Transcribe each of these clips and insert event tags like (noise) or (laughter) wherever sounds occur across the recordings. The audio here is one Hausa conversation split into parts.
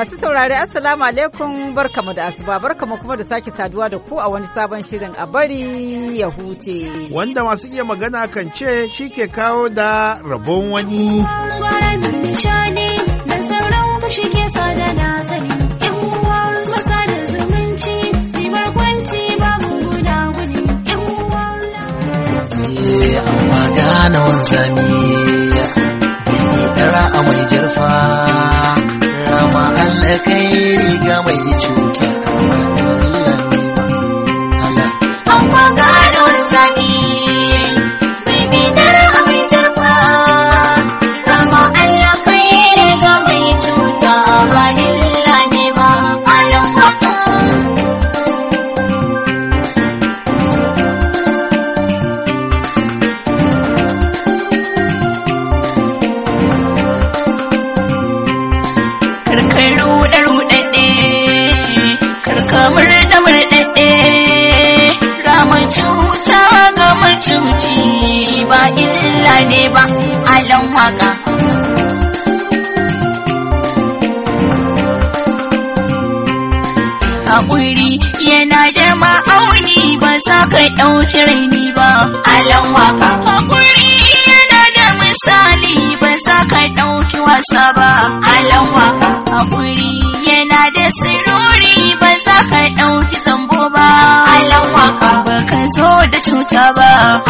Masu saurari Assalamu alaikum barkamu da asuba barkamu kuma da sake saduwa da ku a wani sabon shirin a bari ya huce. Wanda masu iya magana kan ce shi ke kawo da rabon wani. Amma gane wanzami, bi ɗara a mai jirfa. ma kai ga mai cuta Haƙuri yana da ma'auni ba ka ɗauki raini ba. Alan waka. Haƙuri yana da misali ba ka ɗauki wasa ba. Alan waka. Haƙuri yana da sirori ba ka ɗauki zambo ba. Alan waka. Ba ka zo da cuta ba.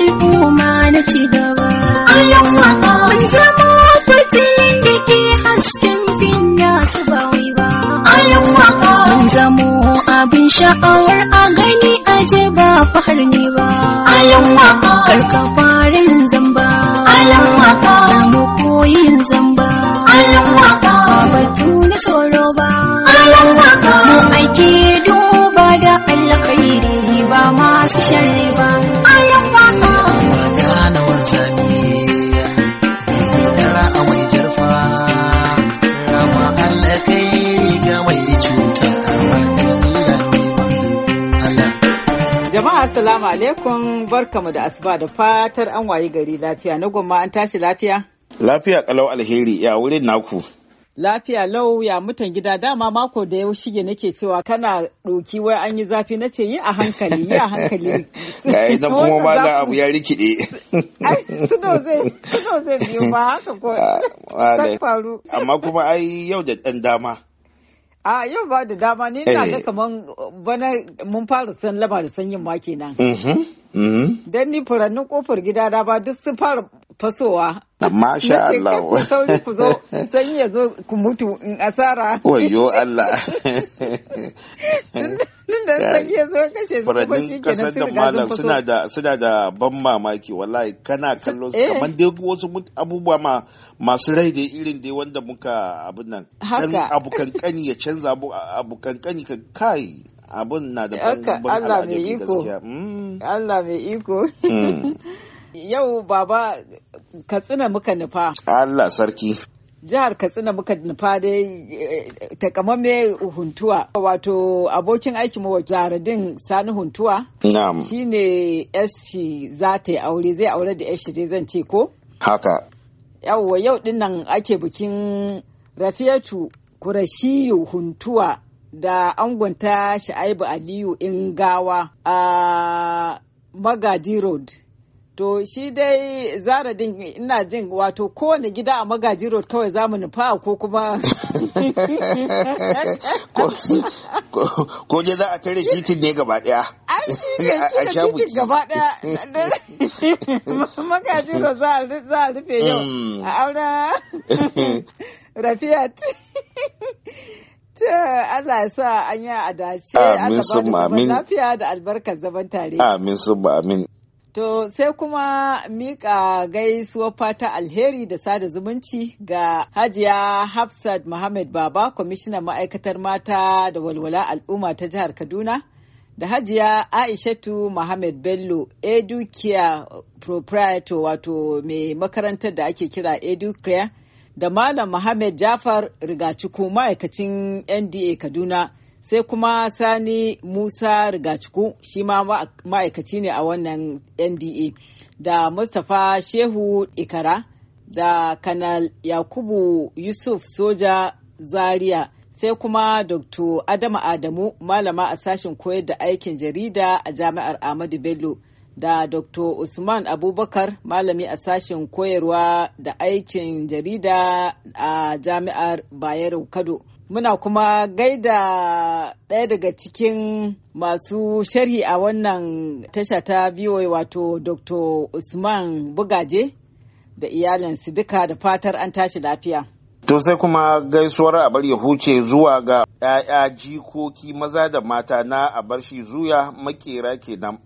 sha'awar a gani a je ba fahar ne ba karka farin zamba alamu koyin zamba alaikum barkamu da asuba da fatar an wayi gari lafiya na gwamma an tashi lafiya? Lafiya kalau alheri ya wurin naku. Lafiya lau ya mutan gida dama mako da yau shige nake cewa kana ɗoki wai an yi zafi na ce yi a hankali yi a hankali. Gaya na kuma ba za abu ya rikide. Suno zai biyo ba haka ko. Ah, Amma kuma ai yau da ɗan dama. A yau ba da dama ne na ga eh. kaman bana mun fara san lamarin sanyin ma kenan. Mm-hmm. Mm-hmm. Don ni furannin kofar gida da ba duk su fara fasowa. Masha (laughs) Allah. Ku sauri ku zo (laughs) sanyi ya zo ku mutu in asara. Wayo Allah. Nun (laughs) da sanyi ya zo kashe su kuma shi ke nan sun malam suna da suna da ban mamaki wallahi kana kallo su eh. kamar dai wasu abubuwa ma masu rai da irin dai wanda muka abin nan. Haka. Abu kankani ya canza abu kankani ka kai abun na da ban al'ajabi gaskiya mm. Allah mai iko mm. (laughs) yau baba katsina muka nufa Allah sarki jihar katsina muka nufa dai eh, takamamme huntuwa wato abokin aikin wa jaradin sani huntuwa shine sc za ta yi aure zai aure da yashi dai zan ce ko haka yawwa yau dinnan ake bikin rafiyatu kurashiyu huntuwa da angonta sha'aibu aliyu in gawa. a magaji road to shi dai zara din ina jin wato kowane gida a magaji road kawai za mu nufa ko kuma ko je za a tare titin ne gaba daya a sha buki gaba daya magaji road za a rufe yau hmm. a aura (laughs) rafiyat Allah sa an a dace. Amin amin. Lafiya da albarkar zaman Amin To sai kuma mika gaisuwar fata alheri da sada zumunci ga Hajiya Hafsat Muhammad Baba, kwamishinan ma'aikatar mata da walwala al'umma ta jihar Kaduna, da Hajiya Aishatu Muhammad Bello, Educare Proprietor wato mai makarantar da ake kira Educare da Malam Muhammad Jafar Rigaciku ma'aikacin NDA Kaduna sai kuma Sani Musa Rigaciku shi ma ma'aikaci ne a wannan NDA da Mustapha Shehu Ikara da Kanal Yakubu Yusuf Soja Zaria sai kuma Dr. Adama Adamu malama a sashen koyar da aikin jarida a Jami'ar Ahmadu Bello. da Dr. Usman Abubakar malami a sashen koyarwa da aikin jarida a jami'ar Bayero Kado. Muna kuma gaida ɗaya daga cikin masu sharhi a wannan tasha ta biyo wato Dr. Usman Bugaje da iyalinsu duka da fatar an tashi lafiya. To sai kuma gaisuwar abar ya huce zuwa ga 'ya'ya jikoki maza da mata na abar shi zuya makera kenan.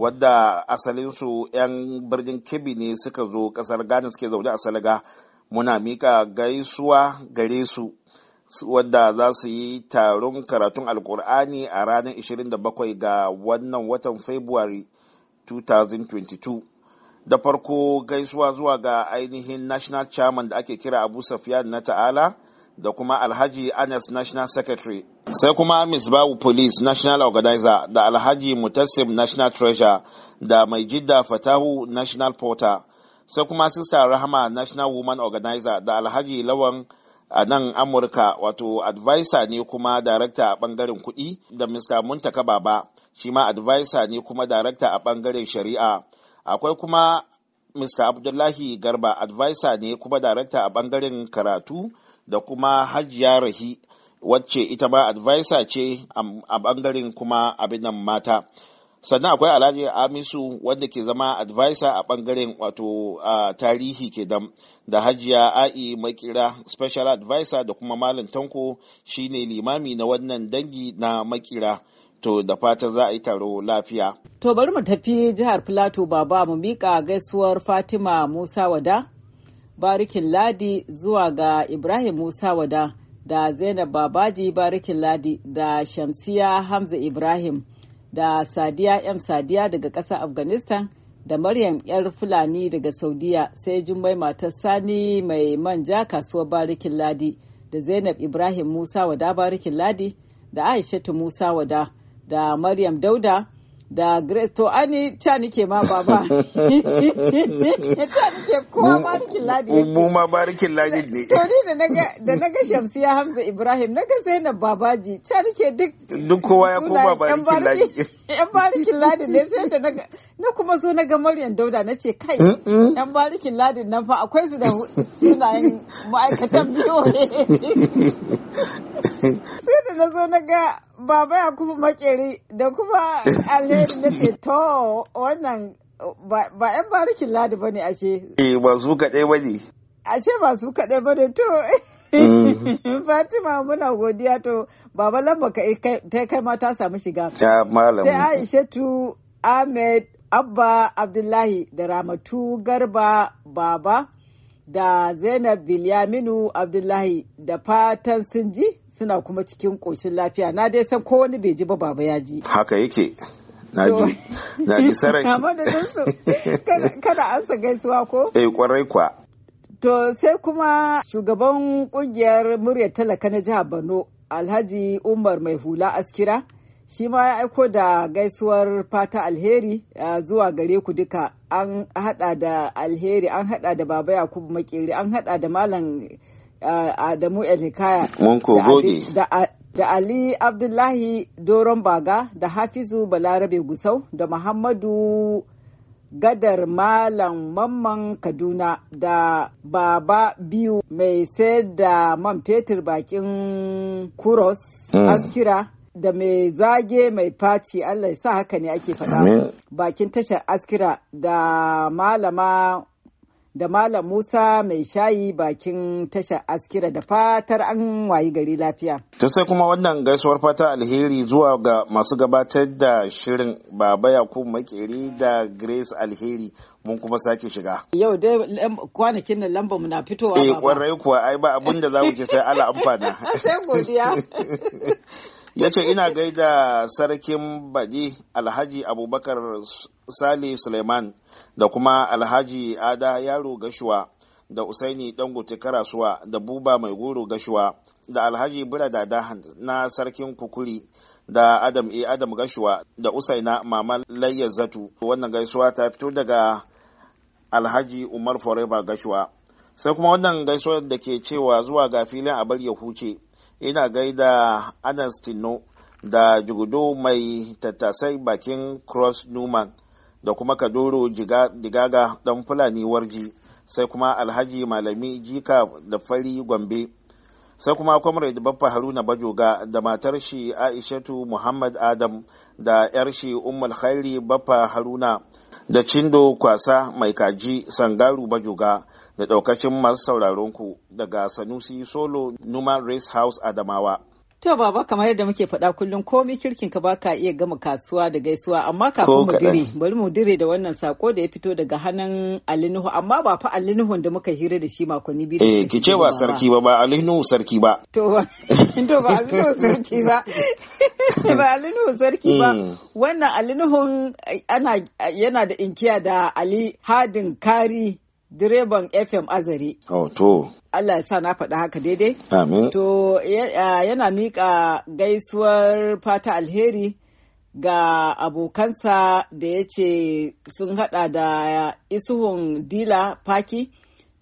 wadda asalinsu 'yan birnin kebbi ne suka zo kasar ghana suke zaune a salga muna mika gaisuwa gare su wadda za su yi taron karatun alkur'ani a ranar 27 ga wannan watan february 2022 da farko gaisuwa zuwa ga ainihin national chairman da ake kira abu safiya na ta'ala da kuma alhaji anas national secretary sai kuma misbahu police national organizer da alhaji mutassim national treasurer da mai jidda fatahu national porter sai kuma sister rahama national woman organizer da alhaji lawan a nan amurka wato advisor ne kuma darakta a bangaren kuɗi da mr muntaka baba shi ma advisor ne kuma darakta a bangaren shari'a akwai kuma mr abdullahi garba advisor ne kuma darakta a bangaren karatu da kuma hajiya rahi wacce ita ma advisor ce a bangaren kuma abin nan mata sannan akwai alhaji amisu wanda ke zama advisor a bangaren wato tarihi ke da hajiya a'i makira special advisor da kuma malam tanko shine limami na wannan dangi na makira to da fata za a yi taro lafiya to bari mu tafi jihar plateau baba mu miƙa gaisuwar fatima musa wada barikin ladi zuwa ga ibrahim musa wada da zainab babaji barikin ladi da shamsiya hamza ibrahim da sadiya m sadiya daga ƙasar afghanistan da maryam yar fulani daga saudiya sai jummai matar sani mai manja kasuwar barikin ladi da zainab ibrahim musa wada barikin ladi da aishatu musa wada da maryam dauda da grace to ani ta nike ma baba ta (laughs) nike kowa barikin ladi mu ma barikin ladi ne to ni da da naga shamsiya hamza ibrahim naga zainab babaji ta nike duk duk kowa ya koma barikin ladi (laughs) yan barikin ladin ne sai da na kuma zo na ga Maryam Dauda na ce kai yan barikin ladin nan fa akwai su da sunayen ma'aikatan biyo (laughs) sai da na zo na ga baba ya kuma makeri da kuma alheri na ce to wannan ba yan barikin ladi ba ne ashe eh ba su kaɗai ba ne ashe ba su kaɗai ba ne to mm. (laughs) Fatima muna godiya to baba lamba ka eh, ta kai ma ta samu shiga sai aishatu ahmed abba abdullahi da ramatu garba baba da zainab bilyaminu abdullahi da fatan sun ji suna kuma cikin ƙoshin lafiya na dai san ko wani bai ji ba baba ya ji haka yake na ji sarai (laughs) kada an sa gaisuwa ko eh kwarai kwa to sai kuma shugaban kungiyar murya talaka na jihar borno alhaji umar mai hula askira shi ma ya aiko da gaisuwar fata alheri zuwa gare ku duka an hada da alheri an hada da baba yakubu makeri an hada da malam adamu elhikaya da ali abdullahi doron baga da hafizu balarabe gusau da muhammadu gadar Malam Mamman Kaduna da Baba Biyu mai sayar da man fetur bakin Kuros hmm. Askira da mai zage mai faci Allah ya sa haka ne ake faɗa bakin tashar Askira da Malama da Malam Musa mai shayi bakin tashar askira da fatar an wayi gari lafiya. Ta sai kuma wannan gaisuwar fata alheri zuwa ga masu gabatar da shirin Baba Yakubu Makeri da Grace Alheri mun kuma sake shiga. Yau dai kwanakin nan lamba na fitowa. Eh kwarai kuwa ai ba abin da za ku ce sai ala amfana. (laughs) Sai godiya. (laughs) ya ce ina (laughs) gaida sarkin baji alhaji abubakar sale suleiman da kuma alhaji ada yaro gashuwa da usaini dangote karasuwa da buba mai goro gashuwa da alhaji burada dahan na sarkin kukuri da adam e adam gashuwa da usaina mama layyar zatu wannan gaisuwa ta fito daga alhaji umar forever gashuwa sai kuma wannan gaisuwar da ke cewa zuwa ga filin a bar ya huce ina gaida anas tino da jigudo mai tattasai bakin cross newman da kuma kadoro digaga dan fulani warji sai kuma alhaji malami jika da fari gombe sai kuma comrade baffa haruna bajoga da matar shi aishatu muhammad adam da yar shi ummul khairi baffa haruna da cindo kwasa mai kaji sangaru bajoga da daukacin masu sauraron ku daga Sanusi Solo Numa Race House Adamawa. To baba kamar yadda muke faɗa kullum komi kirkin ka baka iya gama kasuwa da gaisuwa amma kafin mu dire bari mu dire da wannan sako da ya fito daga hannun Alinuhu amma ba fa Alinuhu da muka hira da shi makonni biyu. Eh ki ce ba sarki ba ba Alinuhu sarki ba. To (laughs) to ba Alinuhu sarki ba. (laughs) Ba Alinuhu sarki ba. Mm. Wannan Alinuhu eh, ana yana da inkiya da Ali Hadin Kari direban FM Azare. Oh, to. Allah ya sa na faɗa haka daidai. Amin. To yana miƙa gaisuwar fata alheri ga abokansa da ya ce sun haɗa da isuhun dila faki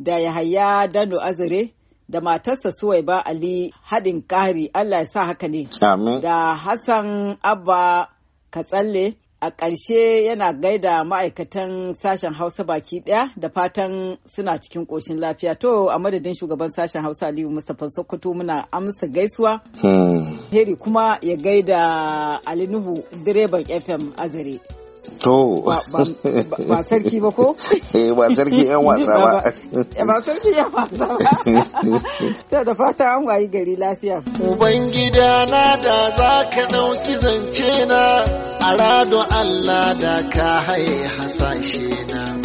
da yahaya dano azare da matarsa ba ali haɗin ƙari Allah ya sa haka ne. Amin. Da Hassan Abba Katsalle a ƙarshe yana gaida ma'aikatan sashen hausa baki ɗaya da fatan suna cikin ƙoshin lafiya to a madadin shugaban sashen hausa aliyu mustapha sokoto muna amsa gaisuwa hmm. heri kuma ya gaida ali nuhu direban fm azare To. Ba sarki ba ko? (laughs) Eh ba sarki yan wasa ba. Ba sarki yan wasa ba. (laughs) To da fata an wayi gari lafiya. Ubangida na da za ka ɗauki zance na. Arado Allah da ka haye hasashe na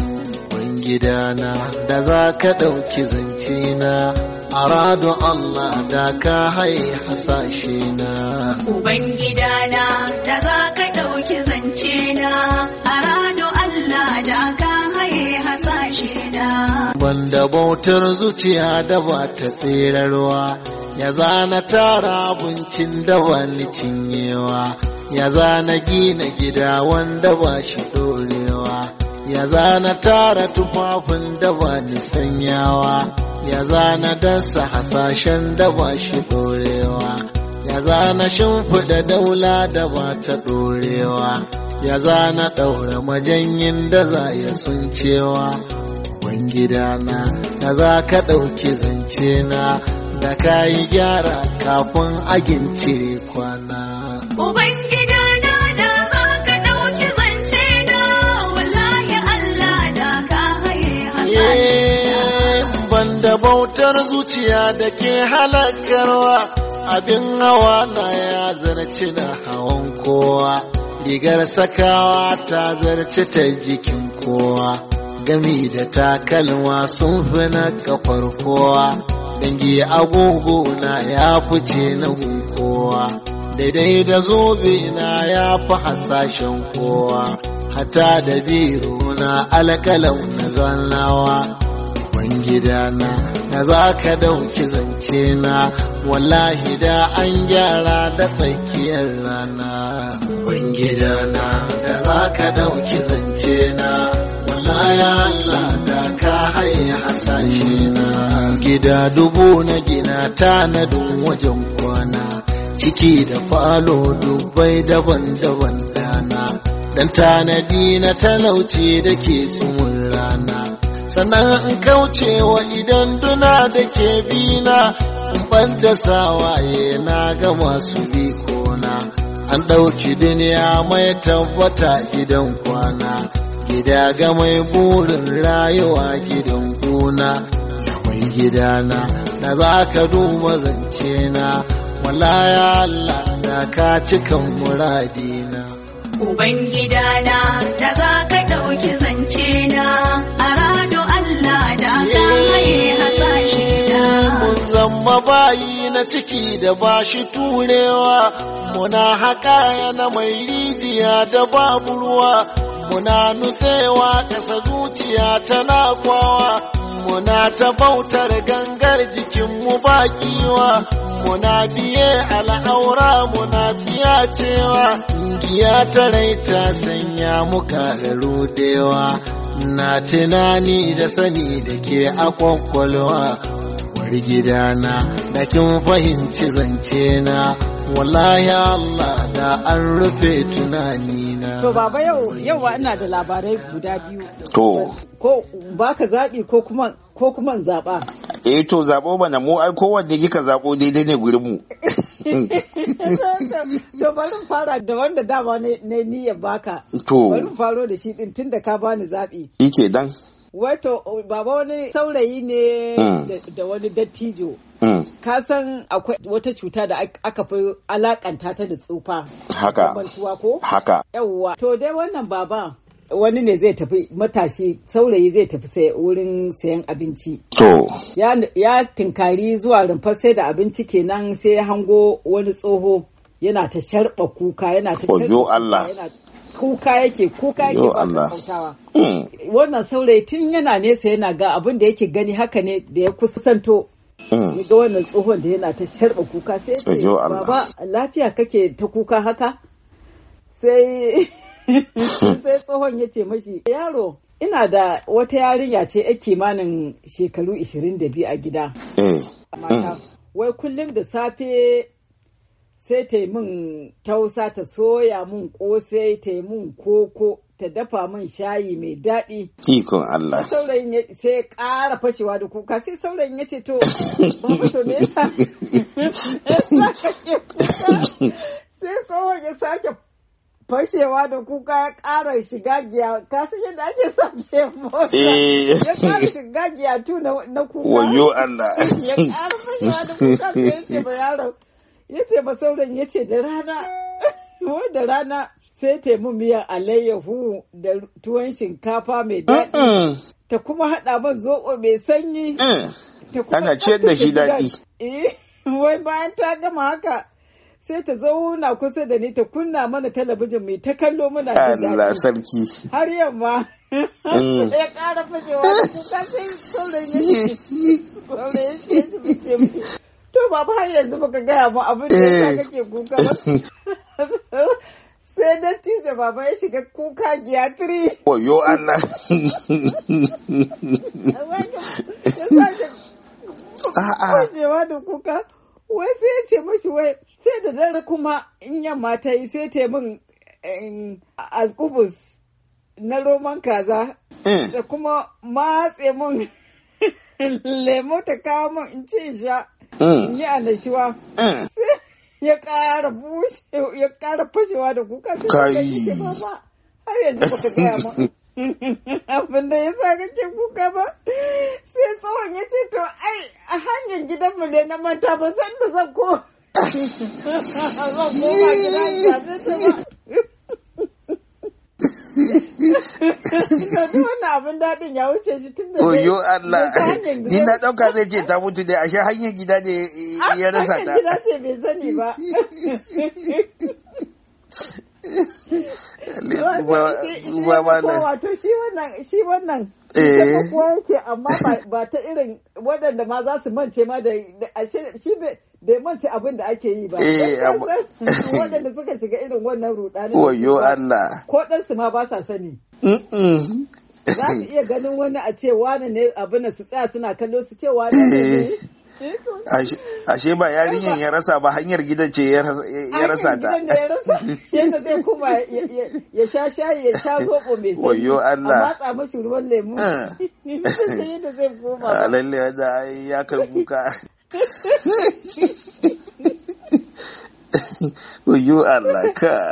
gidana da za ka ɗauki zance na a Allah da ka haye hasashe na. Ubangidana da za ka ɗauki zance na a rado Allah da ka haye hasashe na. Banda bautar zuciya da ba ta tserarwa ya zana tara abincin da wani cinyewa. ya zana gina gida wanda ba shi dorewa ya zana tara tufafin da ba ni sanyawa ya zana dasa hasashen da ba shi dorewa ya zana shimfiɗa daula da ba ta dorewa ya zana ɗaura majanyin da za ya sun cewa gidana da za ka ɗauki zance na da ka yi gyara kafin agin cire kwana da bautar zuciya da ke halakarwa abin hawa na ya zarci na hawan kowa rigar sakawa ta zarci ta jikin kowa gami da takalma sun fi na kafar kowa dangi agogo na ya fice na kowa daidai da zobe na ya fi hasashen kowa hata da biro na alƙalau na zannawa Ubangidana na za ka dauki zance na wallahi da an gyara da tsakiyar rana Ubangidana da za ka dauki zance na wallahi Allah da ka haye hasashe na gida dubu na gina tanadin wajen kwana ciki da falo dubbai daban-daban dana dan tanadi na talauci da ke tsumin rana sannan in kaucewa idan duna da ke bina in banda sawaye na ga masu bikona an ɗauki duniya mai tabbata gidan kwana gida ga mai burin rayuwa gidan gona ya mai gidana da za ka duba zance na wala ya Allah da ka cikan muradina Ubangida na da za ka ɗauki zance na a rado Allah da ka haye hasashe na mun zama bayi na ciki da bashi turewa muna haka yana mai rijiya da babu ruwa muna nutsewa ƙasa zuciya ta kwawa muna ta bautar gangar jikinmu bakiwa muna biye al'aura muna fiya cewa ingiya ta rai ta sanya muka rudewa na tunani da sani da ke a kwakwalwa wari gidana da kin fahimci zance na wallahi Allah da an rufe tunani na to baba yau wa ina da labarai guda biyu to ko baka zaɓi ko kuma ko kuma zaba. eh to zabo mana mu ai kowanne kika dai daidai ne gurin mu (laughs) to bari fara da wanda dama ne ni ya baka to bari faro da shi din tunda ka bani zaɓi ike dan to oh, baba wani saurayi ne hmm. da wani dattijo hmm. ka san akwai wata cuta da aka fi alakanta ta da tsufa haka ko haka yawwa to dai wannan baba wani ne zai tafi matashi saurayi zai tafi sai wurin sayan abinci. To. Ya tinkari zuwa rumfar sai da abinci kenan sai ya hango wani tsoho yana ta sharɓa kuka yana ta sharɓa Allah. kuka yake kuka yake kautawa mm. wannan saurayi tun yana nesa yana ga abin da yake gani haka ne da ya kusanto mm. ga wannan tsohon da yana ta sharɓa kuka sai baba lafiya kake ta kuka haka sai sai tsohon ya ce mashi yaro ina da wata yarinya ce ya kimanin shekaru 22 a gida eh. mm. wai kullum da safe sai ta yi min tausa ta soya min kosai ta yi min koko ta dafa min shayi mai daɗi. Ikon Allah. Saurayin sai ƙara fashewa da kuka sai saurayin ya ce to babu to me yasa (laughs) ka ke (laughs) ya sake fashewa da kuka ya ƙara shiga giya ka san yadda ake sa mota (laughs) eh. ya ƙara shiga giya tu na kuka wayo Allah (laughs) ya ƙara fashewa da kuka ya ce ba yaron ya ce ba sauran ya ce da rana (laughs) da rana sai ta mu miyar alayyahu da tuwon shinkafa mai daɗi ta kuma haɗa man zoɓo mai sanyi mm. ana ciyar da shi daɗi eh, wai bayan ta gama haka sai ta zauna kusa da ni ta kunna mana talabijin mai ta kallo muna ta Allah sarki har yamma mm. (laughs) ya ƙara fashewa kuka sai saurayin ya ce to babu har yanzu baka gaya mu abin da ya eh. kake kuka ba (laughs) sai dattijo baba ya shiga kuka giyatiri. Wayo Allah. (laughs) A'a. Kujewa da kuka. wai sai ya ce mashi wai sai da dare kuma in yamma ta yi sai ta min alkubus na roman kaza eh. da kuma matse min (laughs) lemo ta kawo min in ce sha eh. in yi alashiwa eh. (laughs) ya ƙara bushe ya ƙara fashewa da kuka sai yi ce baba har yanzu ta gaya min (laughs) abin da ya sa kake kuka ba sai tsohon ya ce to ai a hanyar gidanmu ne na mata ba san da zan ko zan koma gidan wannan abin daɗin ya wuce shi tun da Oyo Allah, ni na ɗauka zai ce ta mutu dai, ashe hanyar gida ne ya rasa ta. Hanyar gida ce bai sani ba. (laughs) wato shi wannan shi wannan eh. kowa yake amma (laughs) ba ta irin waɗanda ma za su mance ma da shi bai mance abin da ake yi ba eh, (laughs) waɗanda suka shiga irin wannan rudani wayo Allah ko ɗansu ma ba sa sani za su iya ganin wani a ce wani ne abin su tsaya suna kallo su ce wani ne eh. ashe ba yin ya rasa ba hanyar gidan ce ya rasa ta (laughs) yadda zai kuma ya sha shayi ya eh. (laughs) sai wayo Allah a matsa ya kai (laughs) Allah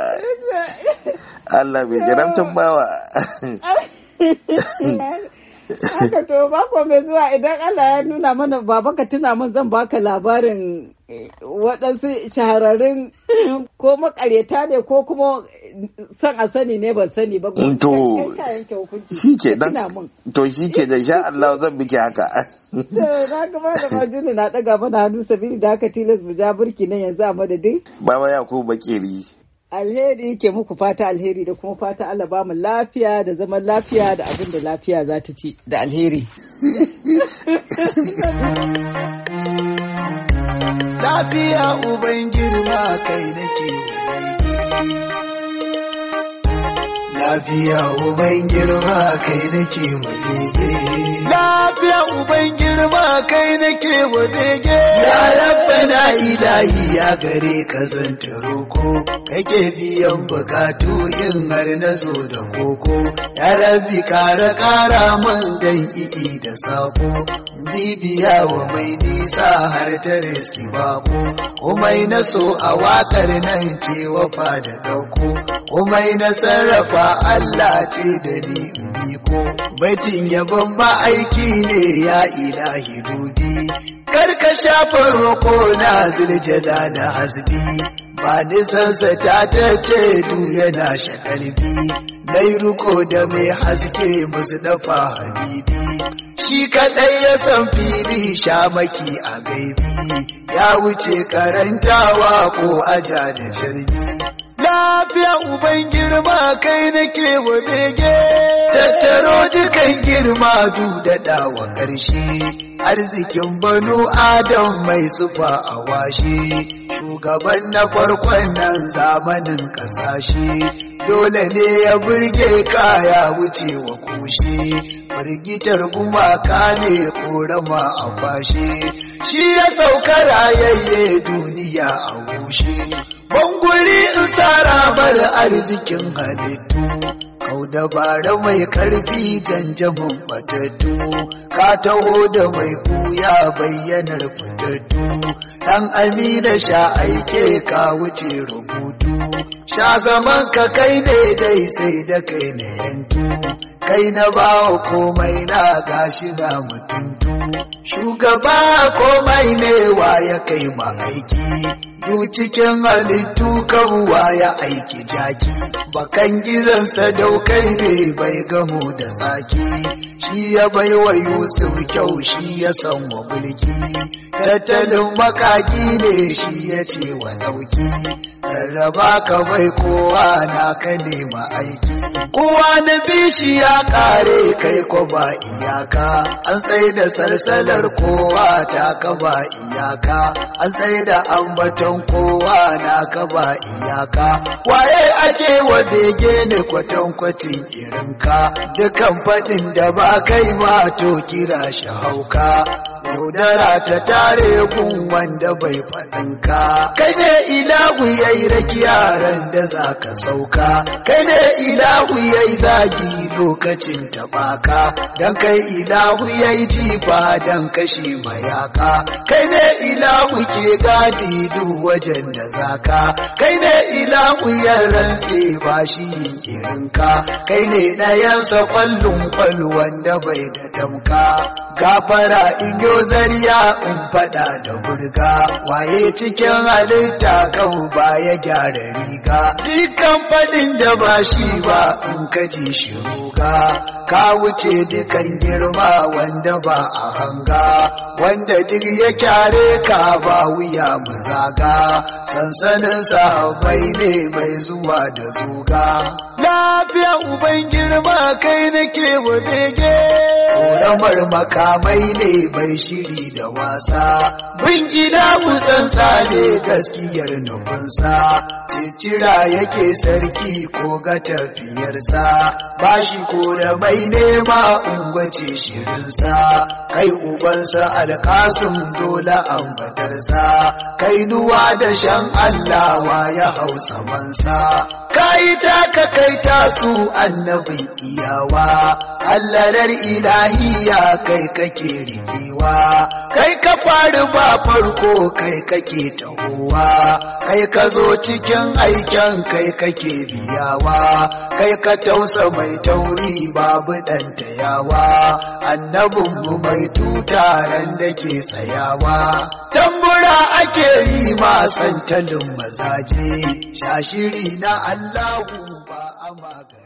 Allah bai jaramtan bawa Haka to mako mai zuwa idan Allah ya nuna mana baba ka tuna mun zan baka labarin eh, waɗansu shahararrun ko makareta ne ko kuma san a sani ne ban sani ba. To shi ke nan. To shi ke da sha Allah zan biki haka. Na kuma da majinu na daga mana hannu sabili da haka tilas mu ja burki nan yanzu a madadin. Baba Yakubu Bakeri. Alheri ke muku fata alheri da kuma fata Allah ba mu lafiya da zaman lafiya da abin da lafiya za ta ci da alheri. Lafiya uban girma kai nake lafiya uban girma kai nake wadege lafiya uban girma kai nake wadege ya na ilahi ya gare ka zanta roko kake biyan bukatu in har na zo da koko ya rabbi kara kara man dan i'i da sako bibiya wa mai nisa har ta riski bako na so a wakar nan ce wafa da dauko umai na sarrafa Allah ce ni iko batin ya ba aiki ne ya ilahi dubi karka shafa roko na ziljada da hasbi ba nisansa ta ta ce du yana shakalbi dai ruko da mai haske musu dafa habibi shi kaɗai ya san fili shamaki a gaibi ya wuce karantawa ko aja da jirgi lafiya uban girma kai nake wa bege tattaro dukan girma da wa ƙarshe arzikin banu adam mai tsufa a washe shugaban na farkon nan zamanin ƙasashe dole ne ya burge kaya wuce wa kushe firgitar gumaka ne korama a fashe shi ya sauka rayayye duniya a gushe sarabar arzikin halittu kau dabara mai karfi janjamin fatattu ka taho da mai buya bayyanar fatattu ɗan amina sha aike ka wuce rubutu sha zaman ka kai daidai sai da kai na yantu kai na bawa komai na gashi na mutuntu shugaba komai ne wa ya kai ma aiki Du cikin halittu kawuwa ya aiki jaki, bakan gizansa daukai ne bai gamo da tsaki, shi ya bai wa Yusuf kyau shi ya san wa mulki. tattalin makaki ne shi ya ce wa dauki, rarraba ka bai kowa na ka nema aiki. Kowa na bishi ya kare kai ko ba iyaka, an tsaye da salsala sallar kowa ta kaba iyaka an tsaye da ambaton kowa na kaba iyaka waye ake wa bege ne kwatankwacin irinka dukan faɗin da ba kai ma to kira shi hauka yaudara ta tare kun wanda bai faɗinka kai ne ilahu ya yi rakiya ran da za ka sauka kai ne ilahu ya yi zagi lokacin tabaka don kai ilahu ya jifa don kashi mayaka kai ne ilahu ke gadi duk wajen da zaka kai ne ilahu ya rantse ba shi yinkirinka kai ne ɗayansa kwallon kwal wanda bai da tamka gafara in zariya in fada da burga waye cikin halitta kan ya gyara riga dukkan fadin da ba shi ba in kaji shi ruga ka wuce dukan girma wanda ba a hanga wanda duk ya kyare ka ba wuya mu zaga sansanin sahabbai ne mai zuwa da zuga lafiya uban girma kai nake wa bege ƙoramar makamai ne mai shiri da wasa bin gida tsantsa ne gaskiyar nufinsa cicira yake sarki ko ga tafiyarsa ba shi ko da mai mai nema ungwace shirinsa kai ubansa alkasim dole ambatarsa kai duwa da shan allawa ya hausa mansa kai ta ka kai ta su annabin iyawa Allahar ilahiya kai kake rikewa, kai ka faru ba farko kai kake tahowa, kai ka zo cikin aikin kai kake biyawa, kai ka tausa mai tauri babu annabin mu mai tuta da ke tsayawa. Tambura ake yi ma santalin mazaje, shashiri na Allahu ba a magana.